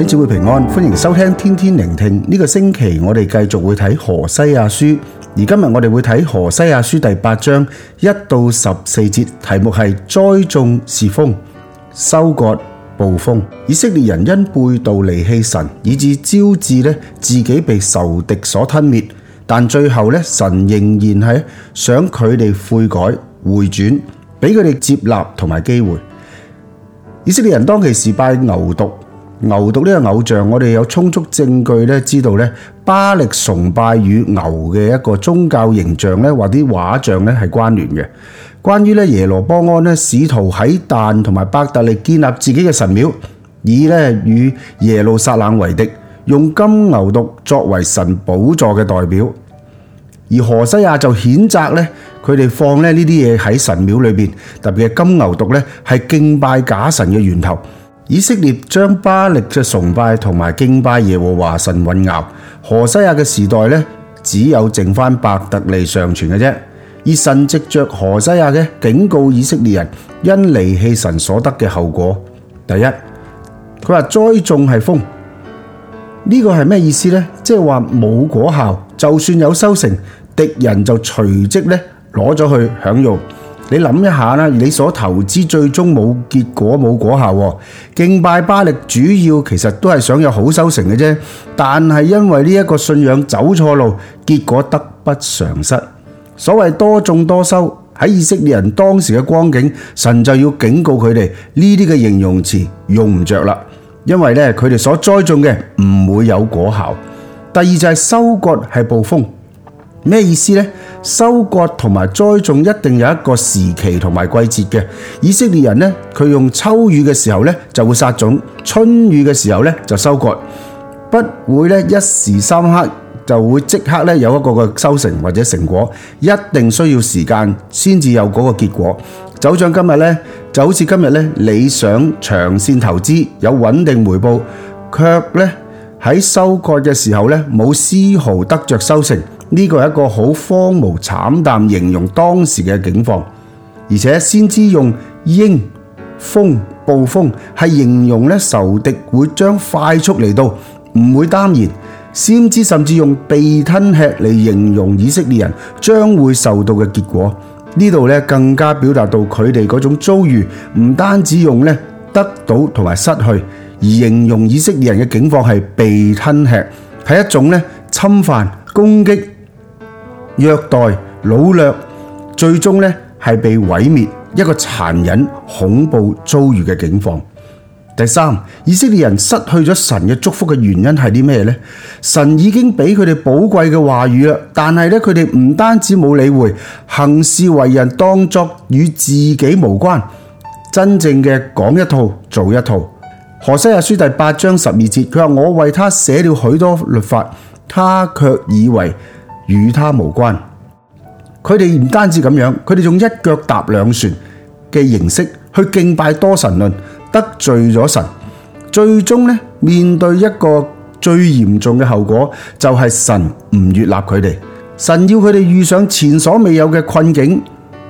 弟兄姊妹平安，歡迎收聽天天靈聽。呢個星期我哋繼續會睇何西阿書，而今日我哋會睇何西阿書第八章一到十四節，題目係栽種是風，收割暴風。以色列人因背道離棄神，以致招致咧自己被仇敵所吞滅。但最後咧，神仍然係想佢哋悔改回轉，俾佢哋接納同埋機會。以色列人當其時拜牛犢。牛犢呢個偶像，我哋有充足證據咧，知道咧巴力崇拜與牛嘅一個宗教形象咧，或啲畫像咧係關聯嘅。關於咧耶羅波安咧，試圖喺但同埋伯特利建立自己嘅神廟，以咧與耶路撒冷為敵，用金牛犢作為神寶座嘅代表。而何西亞就譴責咧佢哋放咧呢啲嘢喺神廟裏邊，特別係金牛犢咧係敬拜假神嘅源頭。以色列將巴力嘅崇拜同埋敬拜耶和華神混淆，何西阿嘅時代呢，只有剩翻伯特利尚存嘅啫。而神藉着何西阿嘅警告以色列人因離棄神所得嘅後果，第一，佢話栽種係風，呢個係咩意思呢？即係話冇果效，就算有收成，敵人就隨即呢攞咗去享用。你諗一下啦，你所投資最終冇結果冇果效，敬拜巴力主要其實都係想有好收成嘅啫，但係因為呢一個信仰走錯路，結果得不償失。所謂多種多收，喺以色列人當時嘅光景，神就要警告佢哋呢啲嘅形容詞用唔着啦，因為呢佢哋所栽種嘅唔會有果效。第二就係收割係暴風，咩意思呢？收割同埋栽種一定有一個時期同埋季節嘅。以色列人呢，佢用秋雨嘅時候呢就會撒種，春雨嘅時候呢就收割，不會呢，一時三刻就會即刻呢有一個嘅收成或者成果，一定需要時間先至有嗰個結果。就像今日呢，就好似今日呢，你想長線投資有穩定回報，卻呢，喺收割嘅時候呢冇絲毫得着收成。呢個係一個好荒蕪慘淡形容當時嘅境況，而且先知用鷹、風、暴風係形容咧仇敵會將快速嚟到，唔會耽延。先知甚至用被吞吃嚟形容以色列人將會受到嘅結果。呢度咧更加表達到佢哋嗰種遭遇，唔單止用咧得到同埋失去，而形容以色列人嘅境況係被吞吃，係一種咧侵犯、攻擊。虐待、擄掠，最終呢係被毀滅一個殘忍、恐怖遭遇嘅境況。第三，以色列人失去咗神嘅祝福嘅原因係啲咩呢？神已經俾佢哋寶貴嘅話語啦，但係呢，佢哋唔單止冇理會，行事為人當作與自己無關，真正嘅講一套做一套。何西阿書第八章十二節，佢話，我為他寫了許多律法，他卻以為。與他無關，佢哋唔單止咁樣，佢哋用一腳踏兩船嘅形式去敬拜多神論，得罪咗神，最終呢面對一個最嚴重嘅後果，就係神唔悦納佢哋，神要佢哋遇上前所未有嘅困境、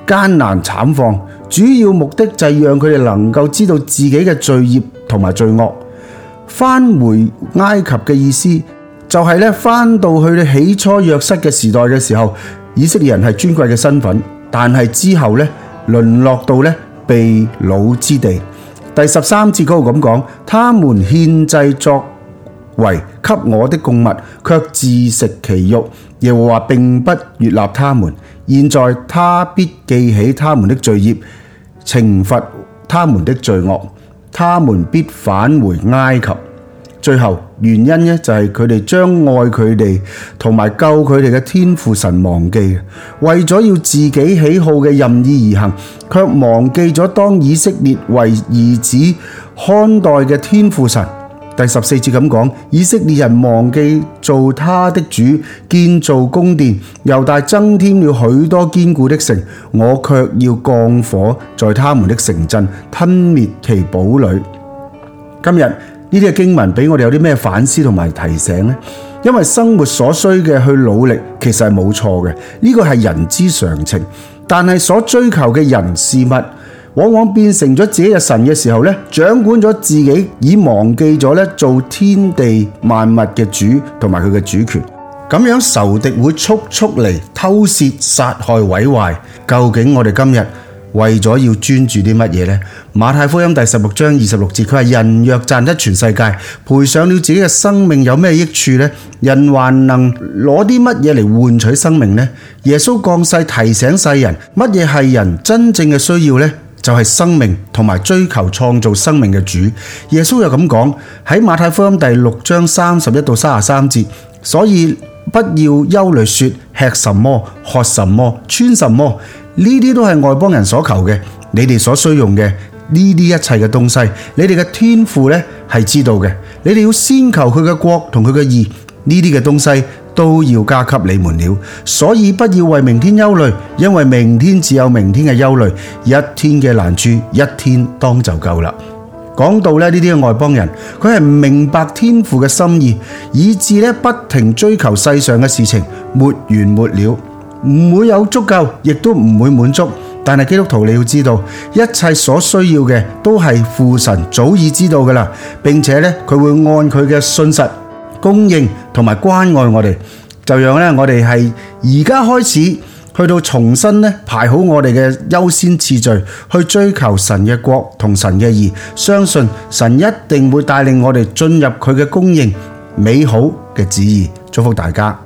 艱難慘況，主要目的就係讓佢哋能夠知道自己嘅罪孽同埋罪惡，返回埃及嘅意思。就係呢，翻到去佢哋起初約瑟嘅時代嘅時候，以色列人係尊貴嘅身份，但係之後呢，淪落到呢被擄之地。第十三節嗰度咁講，他們獻祭作為給我的供物，卻自食其肉。耶和華並不悅納他們。現在他必記起他們的罪孽，懲罰他們的罪惡，他們必返回埃及。最後。原因呢就係佢哋將愛佢哋同埋救佢哋嘅天父神忘記，為咗要自己喜好嘅任意而行，卻忘記咗當以色列為兒子看待嘅天父神。第十四節咁講：以色列人忘記造他的主，建造宮殿，猶大增添了許多堅固的城。我卻要降火在他們的城鎮，吞滅其堡壘。今日。呢啲經文俾我哋有啲咩反思同埋提醒呢？因為生活所需嘅去努力其實係冇錯嘅，呢個係人之常情。但係所追求嘅人事物，往往變成咗自己嘅神嘅時候咧，掌管咗自己，已忘記咗做天地萬物嘅主同埋佢嘅主權。咁樣仇敵會速速嚟偷竊、殺害、毀壞。究竟我哋今日為咗要專注啲乜嘢咧？馬太福音第十六章二十六節，佢話，人若賺得全世界，賠上了自己嘅生命，有咩益處呢？人還能攞啲乜嘢嚟換取生命呢？耶穌降世提醒世人，乜嘢係人真正嘅需要呢？就係、是、生命同埋追求創造生命嘅主。耶穌又咁講喺馬太福音第六章三十一到三十三節，所以。不要憂慮，說吃什麼、喝什麼、穿什麼，呢啲都係外邦人所求嘅，你哋所需用嘅呢啲一切嘅東西，你哋嘅天父呢係知道嘅。你哋要先求佢嘅國同佢嘅義，呢啲嘅東西都要加給你們了。所以不要為明天憂慮，因為明天只有明天嘅憂慮，一天嘅難處一天當就夠啦。講到呢啲嘅外邦人，佢係唔明白天父嘅心意，以致呢不停追求世上嘅事情，沒完沒了，唔會有足夠，亦都唔會滿足。但係基督徒，你要知道一切所需要嘅都係父神早已知道噶啦，並且呢，佢會按佢嘅信實供應同埋關愛我哋，就讓呢，我哋係而家開始。去到重新咧排好我哋嘅優先次序，去追求神嘅國同神嘅義，相信神一定會帶領我哋進入佢嘅供應美好嘅旨意。祝福大家。